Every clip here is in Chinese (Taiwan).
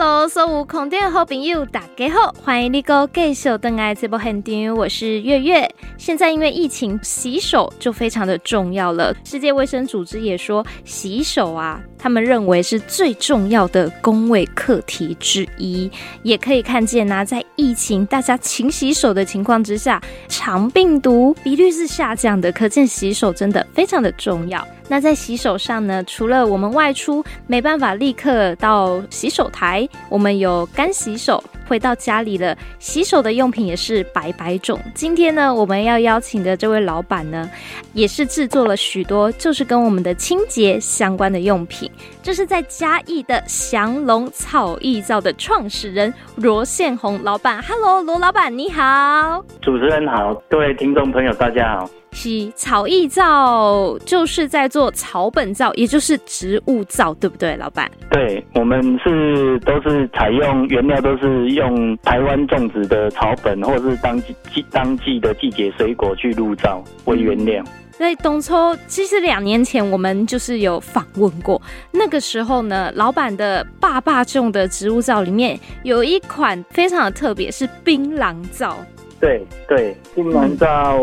Hello，所有空店好朋友，大家好，歡迎你個繼續登來這部頻道，我是月月。現在因為疫情，洗手就非常的重要了。世界衛生組織也說，洗手啊，他們認為是最重要的公衛課題之一。也可以看見呢、啊，在疫情大家勤洗手的情況之下，腸病毒比率是下降的，可見洗手真的非常的重要。那在洗手上呢，除了我們外出，沒辦法立刻到洗手台，我們有乾洗手。回到家裡了，洗手的用品也是百百種。今天呢，我們要邀請的這位老板呢，也是製作了許多，就是跟我們的清潔相關的用品。這是在嘉義的祥龍草藝皂的創始人羅憲鴻老板。Hello，羅老板你好，主持人好，各位聽眾朋友大家好。是草藝皂，就是在做草本皂，也就是植物皂，對不對，老板？對，我們是都是採用原料都是。用台灣種植的草本，或者是當季當季的季節水果去入皂為原料。在東初，其實兩年前，我們就是有訪問過，那個時候呢，老板的爸爸種的植物皂裡面有一款非常的特別，是檳榔皂。對對，檳榔皂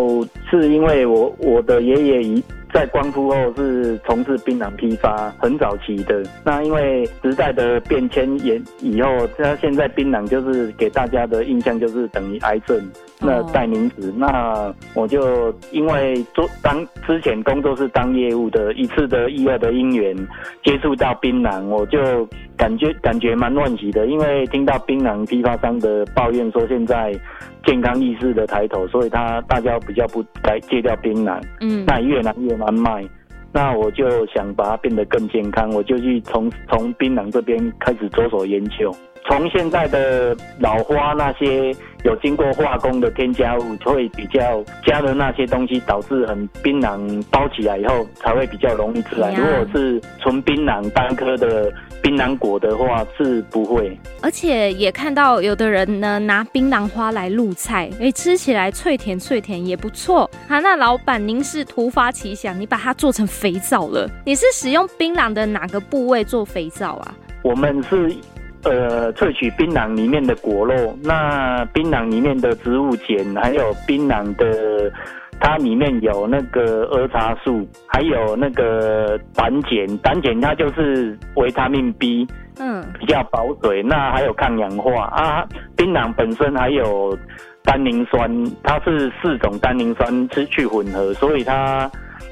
是因為我我的爺爺已在光復後是從事檳榔批發，很早期的。那因為時代的變遷也以後，他現在檳榔就是給大家的印象就是等於癌症、嗯、那代名詞。那我就因為做當之前工作是當業務的，一次的意外的因緣接觸到檳榔，我就感覺感覺蠻惋惜的，因為聽到檳榔批發商的抱怨說現在。健康意識的抬頭，所以他大家比較不該戒掉檳榔，嗯，那越來越難賣，那我就想把它變得更健康，我就去從從檳榔這邊開始着手研究，從現在的老花那些。有經過化工的添加物就會比較加的那些東西，導致很檳榔包起來以後才會比較容易致癌。如果是純檳榔單顆的檳榔果的話，是不會。而且也看到有的人呢拿檳榔花來入菜，哎、欸，吃起來脆甜脆甜也不錯。啊，那老闆您是突發奇想，你把它做成肥皂了？你是使用檳榔的哪個部位做肥皂啊？我們是。呃，萃取檳榔裡面的果肉，那檳榔裡面的植物鹼，還有檳榔的，它裡面有那個兒茶素，還有那個膽鹼，膽鹼它就是維他命 B，嗯，比較保水，那還有抗氧化啊。檳榔本身還有單寧酸，它是四種單寧酸失去混合，所以它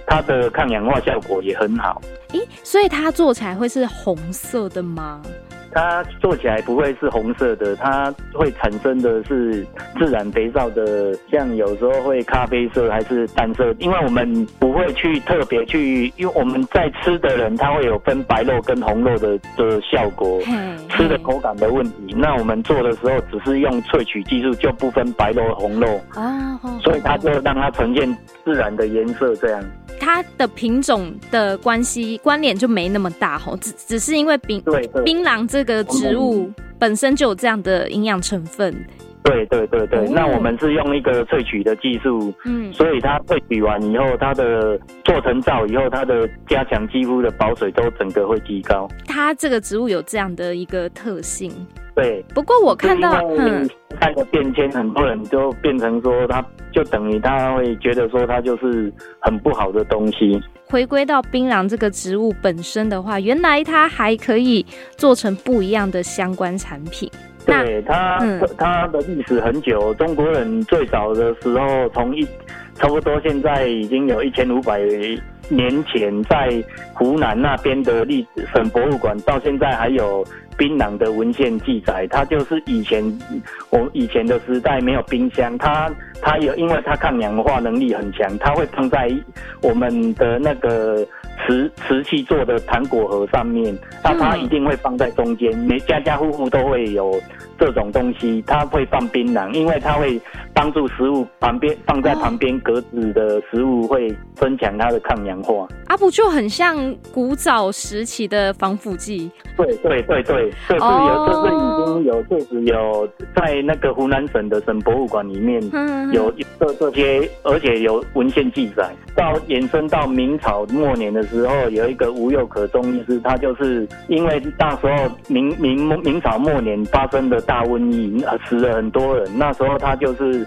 它的抗氧化效果也很好。欸，所以它做起來會是紅色的嗎？它做起來不會是紅色的，它會產生的是自然肥皂的，像有時候會咖啡色還是淡色，因為我們不會去特別去，因為我們在吃的人他會有分白肉跟紅肉的的效果，嘿吃的口感的問題。嘿那我們做的時候只是用萃取技術，就不分白肉紅肉啊，所以它就讓它呈現自然的顏色這樣。它的品種的關係關聯就沒那麼大吼，只只是因為檳檳榔這個植物本身就有這樣的營養成分。對對對對，哦、那我們是用一個萃取的技術，嗯，所以它萃取完以後，它的做成皂以後，它的加強肌膚的保水都整個會提高。它這個植物有這樣的一個特性。對。不過我看到，嗯，看的變遷，很多人就變成說，它就等於他會覺得說，它就是很不好的東西。回歸到檳榔這個植物本身的話，原來它還可以做成不一樣的相關產品。嗯、對它，它的歷史很久。中國人最早的時候，從一差不多現在已經有一千五百年前，在湖南那邊的歷史省博物館，到現在還有檳榔的文獻記載。它就是以前我以前的時代沒有冰箱，它它有，因為它抗氧化能力很強，它會放在我們的那個。瓷瓷器做的糖果盒上面，那、嗯、它一定會放在中間。每家家戶戶都會有這種東西，它會放檳榔，因為它會幫助食物旁邊放在旁邊格子的食物、哦、會增強它的抗氧化。它不就很像古早時期的防腐劑？對對對對，這是、嗯、有，這是、哦、已經有確實有在那個湖南省的省博物館裡面、嗯嗯、有個這些，而且有文獻記載，到延伸到明朝末年的時候，有一個吳又可中醫師，他就是因為那時候明明明、明朝末年發生的大瘟疫、呃，死了很多人，那時候他就是。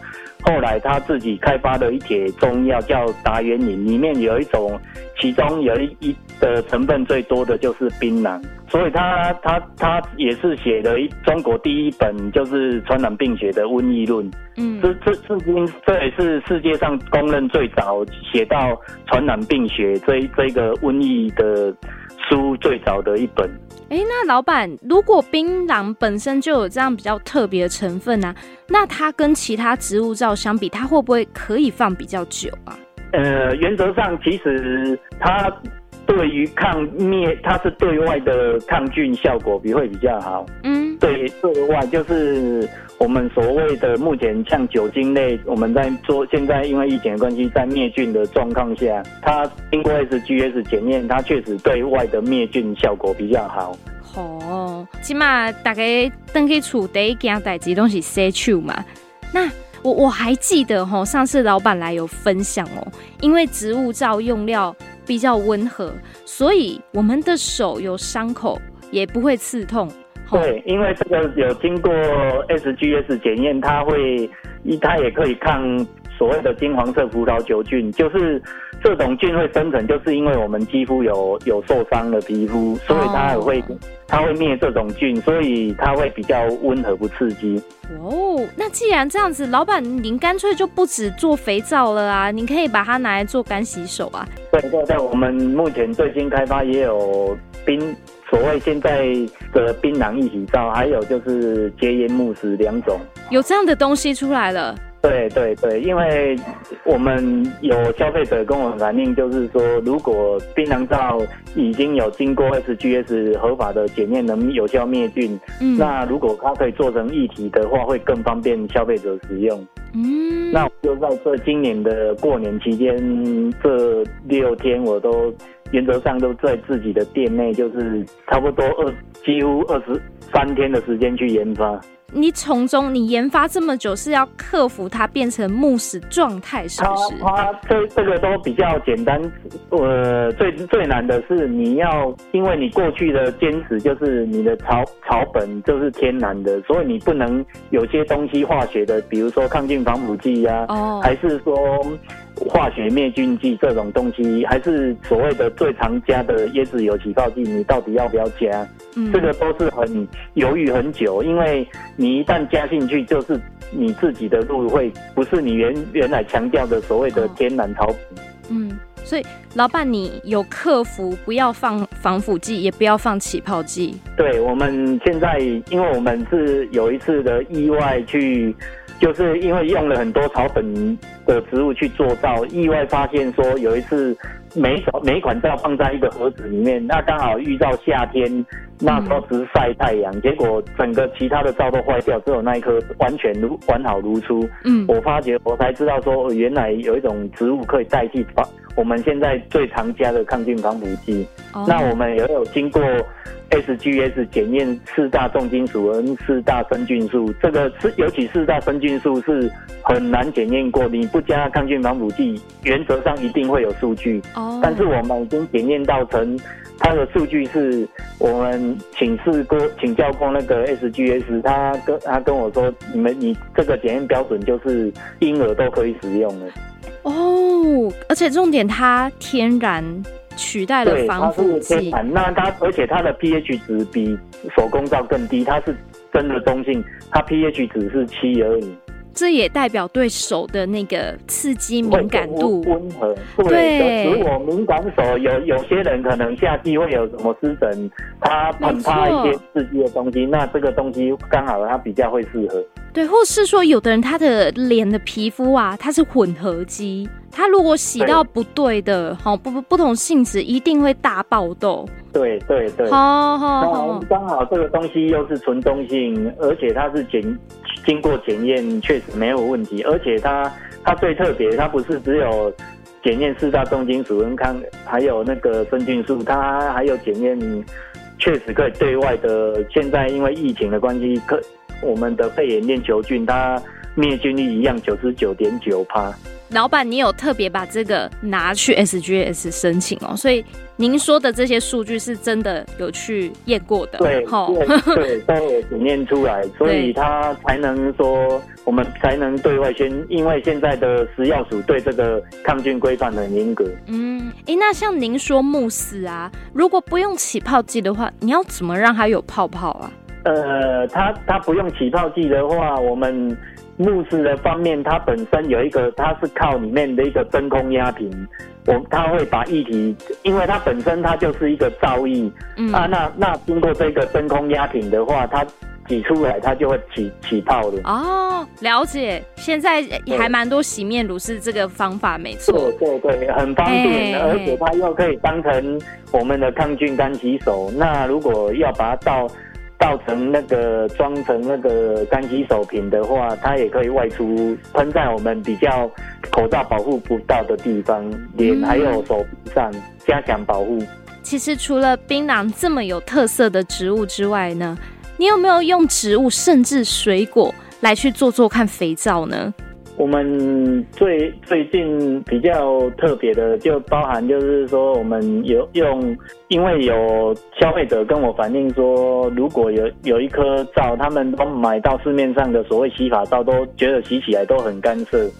後來他自己開發了一帖中藥叫達原飲，裡面有一種，其中有一一的成分最多的就是檳榔，所以他他他也是寫了一中國第一本就是傳染病學的《瘟疫論》，嗯，這這至今這也是世界上公認最早寫到傳染病學這這個瘟疫的書最早的一本。哎、欸，那老闆，如果檳榔本身就有這樣比較特別的成分呢、啊，那它跟其他植物皂相比，它會不會可以放比較久啊？呃，原則上其實它對於抗滅，它是對外的抗菌效果比會比較好。嗯，對，對外就是。我們所謂的目前像酒精類，我們在做現在因為疫情的關係，在滅菌的狀況下，它經過 SGS 檢驗，它確實對外的滅菌效果比較好。哦，起碼大家等去處第一件代志東西需求嘛。那我我還記得哈、哦，上次老板來有分享哦，因為植物皂用料比較溫和，所以我們的手有傷口也不會刺痛。對，因為這個有經過 SGS 檢驗，它會，它也可以抗所謂的金黃色葡萄球菌，就是。這種菌會生成，就是因為我們肌膚有有受傷的皮膚，所以它也會它會滅這種菌，所以它會比較溫和不刺激。哦，那既然這樣子，老闆您乾脆就不止做肥皂了啊，您可以把它拿來做乾洗手啊。對，對對，我們目前最新開發也有冰，所謂現在的檳榔一體皂，還有就是潔顏慕斯兩種，有這樣的東西出來了。對對對，因為我們有消費者跟我們反映，就是說，如果檳榔皂已經有經過 S G S 合法的檢驗，能有效滅菌，嗯、那如果它可以做成液體的話，會更方便消費者使用。嗯，那我就在這今年的過年期間，這六天我都原則上都在自己的店內，就是差不多二幾乎二十三天的時間去研發。你從中，你研發這麼久是要克服它變成木屎狀態，是不是？它這、啊啊、這個都比較簡單，呃，最最難的是你要，因為你過去的堅持就是你的草草本就是天然的，所以你不能有些東西化學的，比如說抗菌防腐劑呀、啊，哦、還是說。化學滅菌劑這種東西，還是所謂的最常加的椰子油起泡劑，你到底要不要加？嗯，這個都是很猶豫很久，因為你一旦加進去，就是你自己的路會不是你原原來強調的所謂的天然皂。嗯，所以老闆，你有克服不要放防腐劑，也不要放起泡劑。對，我們現在因為我們是有一次的意外去。就是因為用了很多草本的植物去做皂，意外發現說有一次每每一款皂放在一個盒子裡面，那剛好遇到夏天，那時候曬太陽，嗯、結果整個其他的皂都壞掉，只有那一顆完全如完好如初。嗯，我發覺我才知道說原來有一種植物可以代替皂。我們現在最常加的抗菌防腐劑，Oh. 那我們也有經過 SGS 檢驗四大重金屬和四大分菌素。這個是尤其四大分菌素是很難檢驗過，你不加抗菌防腐劑，原則上一定會有數據。Oh. 但是我們已經檢驗到成，它的數據是我們請示過，請教過那個 SGS，他跟他跟我說，你們你這個檢驗標準就是嬰兒都可以使用的。哦，而且重點，它天然取代了防腐劑。那它，而且它的 pH 值，比手工皂更低，它是真的中性，它 pH 值是七而已。這也代表對手的那個刺激、敏感度溫和。對，如果對敏感手有，有些人可能夏季會有什麼濕疹，他很怕一些刺激的東西，錯那這個東西剛好它比較會適合。對，或是說有的人他的臉的皮膚啊，它是混合肌，他如果洗到不對的，好對、哦、不不同性質，一定會大爆痘。對對對。哦好，哦。剛好這個東西又是純中性，而且它是檢經過檢驗確實沒有問題，而且它它最特別，它不是只有檢驗四大重金屬跟康，還有那個分菌素，它還有檢驗確實可以對外的。現在因為疫情的關係可，可我們的肺炎鏈球菌，它滅菌率一樣，九十九點九趴。老板，你有特別把這個拿去 SGS 申請哦，所以您說的這些數據是真的有去驗過的，對,哦、對，對，都 也檢驗出來，所以它才能說我們才能對外宣，因為現在的食藥署對這個抗菌規範很嚴格。嗯，哎，那像您說慕斯啊，如果不用起泡劑的話，你要怎麼讓它有泡泡啊？呃，它它不用起泡劑的話，我們慕斯的方面，它本身有一個，它是靠裡面的一個真空壓瓶，我它會把液體，因為它本身它就是一個皂液，嗯啊，那那經過這個真空壓瓶的話，它擠出來它就會起起泡的。哦，了解。現在還蠻多洗面乳是這個方法，對沒錯，對對，很方便，欸、而且它又可以當成我們的抗菌乾洗手。那如果要把它倒造成，那個裝成那個乾洗手瓶的話，它也可以外出噴在我們比較口罩保護不到的地方，臉還有手臂上加強保護。嗯、其實除了檳榔這麼有特色的植物之外呢，你有沒有用植物甚至水果來去做做看肥皂呢？我們最最近比較特別的，就包含就是說，我們有用，因為有消費者跟我反映說，如果有有一顆皂，他們都買到市面上的所謂洗髮皂，都覺得洗起來都很乾澀。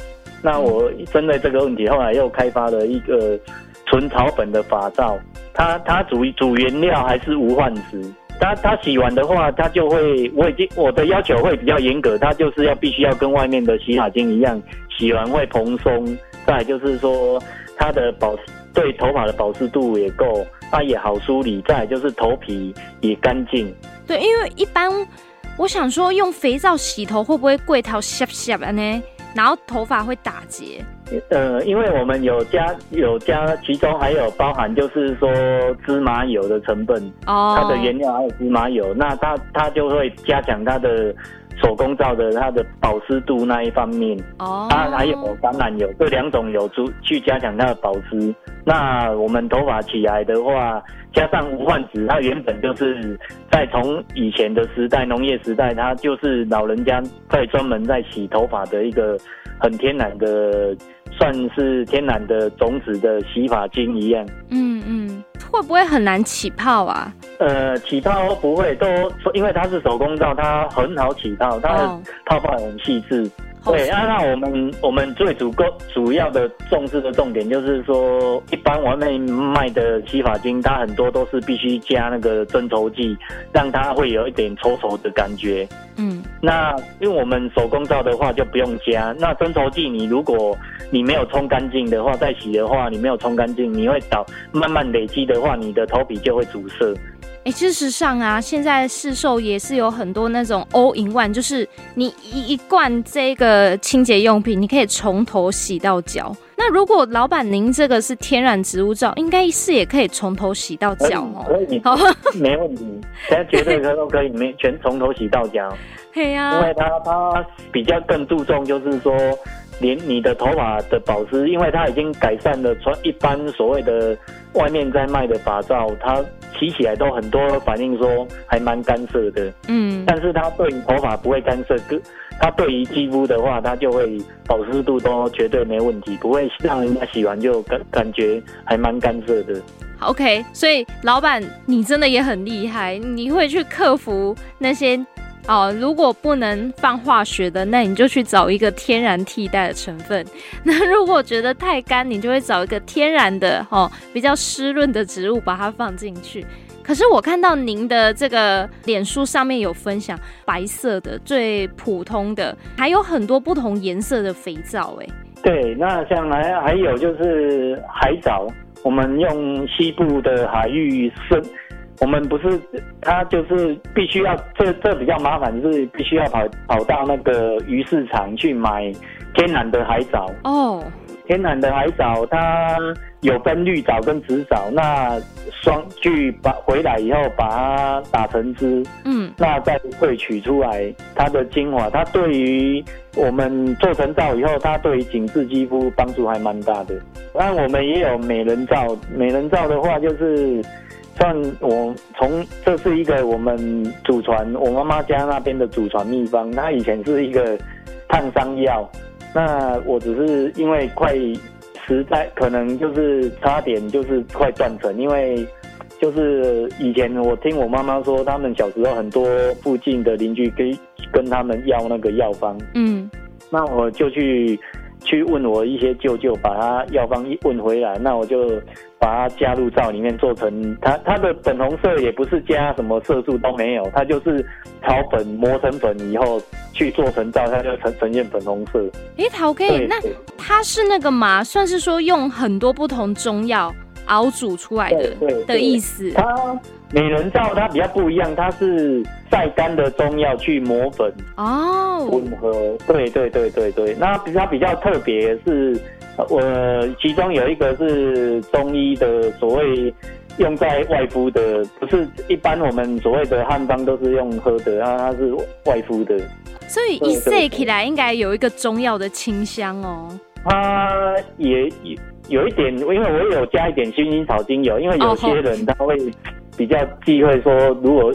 那我針對這個問題，後來又開發了一個純草本的髮皂，它它主主原料還是無患子。他他洗完的話，他就會我已經我的要求會比較嚴格，他就是要必須要跟外面的洗髮精一樣，洗完會蓬鬆，再來，就是說他的保對頭髮的保濕度也夠，它也好梳理，再來，就是頭皮也乾淨。對，因為一般我想說用肥皂洗頭會不會貴到嚇死嚇死呢？然後頭髮會打結。呃，因為我們有加有加，其中還有包含就是說芝麻油的成分哦，它的原料還有芝麻油，那它它就會加強它的。手工皂的它的保濕度那一方面，oh、它還有橄欖油這兩種油去加強它的保濕。那我們頭髮起來的話，加上無患子，它原本就是在從以前的時代農業時代，它就是老人家在專門在洗頭髮的一個很天然的，算是天然的種子的洗髮精一樣。嗯嗯。嗯會不會很難起泡啊？呃，起泡不會，都因為它是手工皂，它很好起泡，oh. 它的泡泡很細緻。Oh. 對，啊那我們我們最主夠主要的重視的重點，就是說一般外面賣的洗髮精，它很多都是必須加那個增稠劑，讓它會有一點稠稠的感覺。嗯。那用我們手工皂的話就不用加。那增稠劑你如果你沒有沖乾淨的話，再洗的話你沒有沖乾淨，你會導慢慢累積的話，你的頭皮就會阻塞。哎、欸，事實上啊，現在市售也是有很多那種 all in one，就是你一罐這個清潔用品，你可以從頭洗到腳。那如果老板您這個是天然植物皂，應該是也可以從頭洗到腳哦、喔，可以，好沒問題，現在 絕對可以，全從頭洗到腳。因為它它比較更注重，就是說，連你的頭髮的保濕，因為它已經改善了。一般所謂的外面在賣的髮皂，它洗起來都很多反應說還蠻乾澀的。嗯，但是它對頭髮不會乾澀，它對於肌膚的話，它就會保濕度都絕對沒問題，不會讓人家洗完就感感覺還蠻乾澀的。OK，所以老闆你真的也很厲害，你會去克服那些。哦，如果不能放化學的，那你就去找一個天然替代的成分。那如果覺得太乾，你就會找一個天然的哦，比較濕潤的植物把它放進去。可是我看到您的這個臉書上面有分享白色的最普通的，還有很多不同顏色的肥皂、欸。誒，對，那將來還有就是海藻，我們用西部的海域生。我們不是，它就是必須要，這這比較麻煩，就是必須要跑跑到那個魚市場去買天然的海藻哦，oh. 天然的海藻它有分綠藻跟紫藻，那雙去把回來以後把它打成汁，嗯，mm. 那再會取出來它的精華，它對於我們做成皂以後，它對於緊緻肌膚幫助還蠻大的。那我們也有美人皂，美人皂的話就是。算我從，這是一個我們祖傳，我媽媽家那邊的祖傳秘方，它以前是一個燙傷藥。那我只是因為快失傳，可能就是差點就是快斷層，因為就是以前我聽我媽媽說，他們小時候很多附近的鄰居跟跟他們要那個藥方。嗯，那我就去。去問我一些舅舅，把他藥方一問回來，那我就把它加入皂裡面做成它。它的粉紅色也不是加什麼色素都沒有，它就是草粉磨成粉以後去做成皂，它就呈呈現粉紅色。誒、欸，桃可以對那它是那個嘛，算是說用很多不同中藥熬煮出來的對對對的意思。美人皂它比較不一樣，它是曬乾的中藥去磨粉哦，溫和、oh。對對對對對，那它比較特別是，我、呃、其中有一個是中醫的所謂用在外敷的，不是一般我們所謂的漢方都是用喝的，它它是外敷的。所以一曬起來應該有一個中藥的清香哦。它也有一點，因為我有加一點薰衣草精油，因為有些人他會。比較忌諱說，如果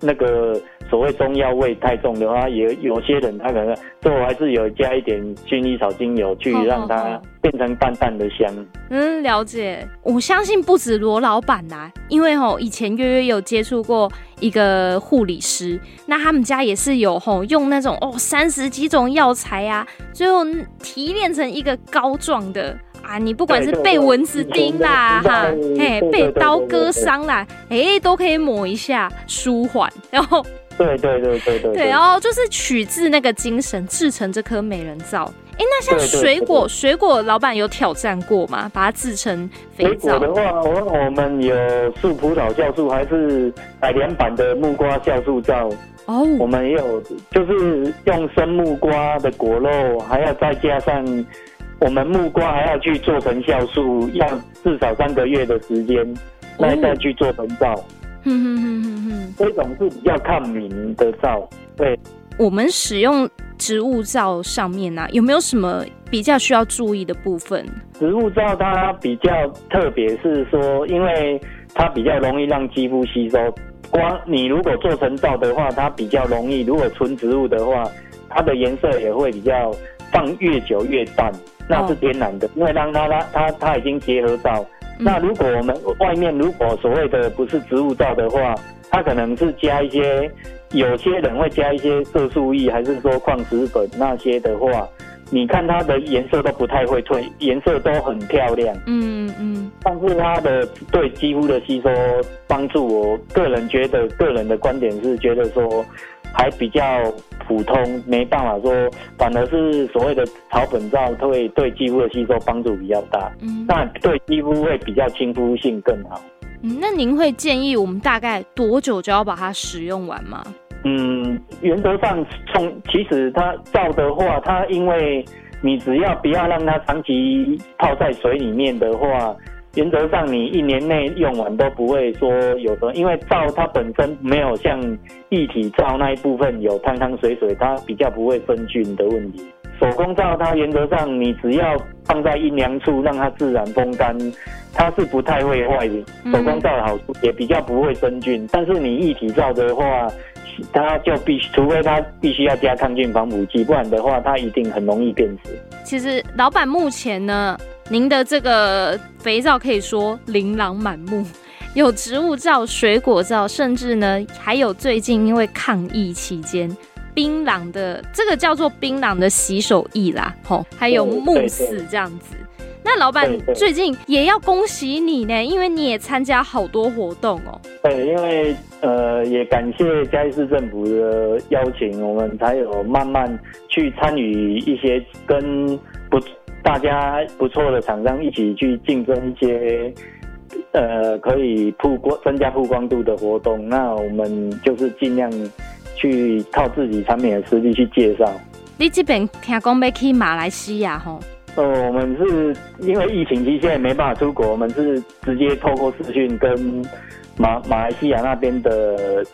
那個所謂中藥味太重的話，也有些人他可能最後還是有加一點薰衣草精油去讓它變成淡淡的香。嗯，了解。我相信不止羅老板啦、啊，因為吼、哦、以前月月有接觸過一個護理師，那他們家也是有吼、哦、用那種哦三十幾種藥材啊，最後提煉成一個膏狀的。你不管是被蚊子叮啦，哈，哎，被刀割傷啦，哎，都可以抹一下舒緩，然後對對對對對，對哦，就是取自那個精神製成這顆美人皂，哎，那像水果，水果老闆有挑戰過嗎？把它製成肥皂的話，我我們有樹葡萄酵素，還是百良版的木瓜酵素皂哦，我們也有，就是用生木瓜的果肉，還要再加上。我們木瓜還要去做成酵素，要至少三個月的時間，那再、哦、去做成皂。哼哼哼哼哼，嗯嗯嗯、這種是比較抗敏的皂。對，我們使用植物皂上面呢、啊，有沒有什麼比較需要注意的部分？植物皂它比較特別，是說因為它比較容易讓肌膚吸收。光你如果做成皂的話，它比較容易；如果純植物的話，它的顏色也會比較放越久越淡。那是天然的，因為當它它它它已經結合到。嗯、那如果我們外面如果所謂的不是植物皂的話，它可能是加一些，有些人會加一些色素液，還是說礦石粉那些的話，你看它的顏色都不太會褪，顏色都很漂亮。嗯嗯。嗯，但是它的對肌膚的吸收幫助我，我個人覺得個人的觀點是覺得說還比較。普通沒辦法說，反而是所謂的草本皂，它會對肌膚的吸收幫助比較大，嗯，但對肌膚會比較親膚性更好。嗯，那您會建議我們大概多久就要把它使用完嗎？嗯，原則上從其實它皂的話，它因為你只要不要讓它長期泡在水裡面的話。原則上，你一年內用完都不會說有什麼，因為皂它本身沒有像液體皂那一部分有湯湯水水，它比較不會生菌的問題。手工皂它原則上你只要放在陰涼處讓它自然風乾，它是不太會壞的。手工皂的好處也比較不會生菌，但是你液體皂的話，它就必須除非它必須要加抗菌防腐劑，不然的話它一定很容易變質。其實老闆目前呢？您的這個肥皂可以說琳琅滿目，有植物皂、水果皂，甚至呢還有最近因為抗疫期間，檳榔的這個叫做檳榔的洗手液啦，吼、哦，還有慕斯這樣子。那老板最近也要恭喜你呢，因為你也參加好多活動哦。對，因為呃也感謝嘉義市政府的邀請，我們才有慢慢去參與一些跟不。大家不錯的廠商一起去競爭一些，呃，可以曝光、增加曝光度的活動。那我們就是盡量去靠自己產品的實力去介紹。你這邊聽講要去馬來西亞哈？哦？呃，我們是因為疫情期間沒辦法出國，我們是直接透過視訊跟馬馬來西亞那邊的，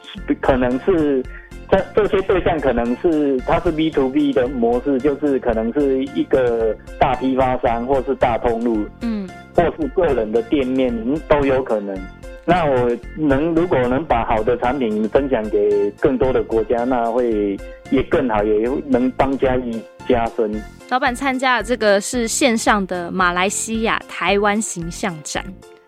可能是。這，這些對象可能是，它是 B to B 的模式，就是可能是一個大批發商，或是大通路，嗯，或是個人的店面都有可能。那我能如果能把好的產品分享給更多的國家，那會也更好，也能幫家業加分。老闆參加的這個是線上的馬來西亞台灣形象展。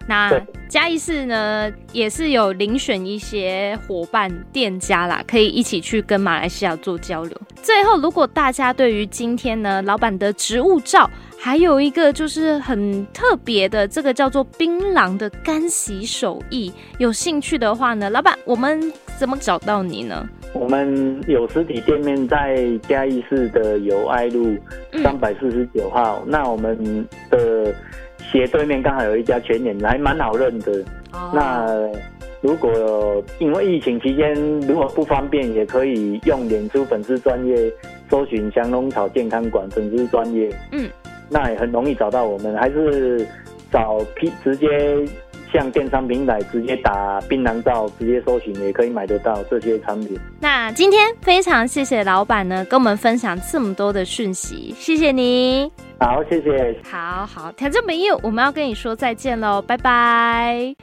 那嘉義市呢，也是有遴選一些伙伴店家啦，可以一起去跟馬來西亞做交流。最後，如果大家對於今天呢，老板的植物照，還有一個就是很特別的，這個叫做檳榔的乾洗手液。有興趣的話呢，老闆，我們怎麼找到你呢？我們有實體店面在嘉義市的友愛路三百四十九號，嗯、那我們的斜對面剛好有一家全聯，還蠻好認的。哦、那如果因為疫情期間如果不方便，也可以用臉書粉絲專頁搜尋翔龍草健康館粉絲專頁。嗯。那也很容易找到，我們還是找直接像電商平台直接打檳榔皂，直接搜尋也可以買得到這些產品。那今天非常謝謝老板呢，跟我們分享這麼多的訊息，謝謝你。好，謝謝。好好，挑戰每一天，我們要跟你說再見嘍，拜拜。